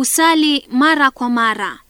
kusali mara kwa mara.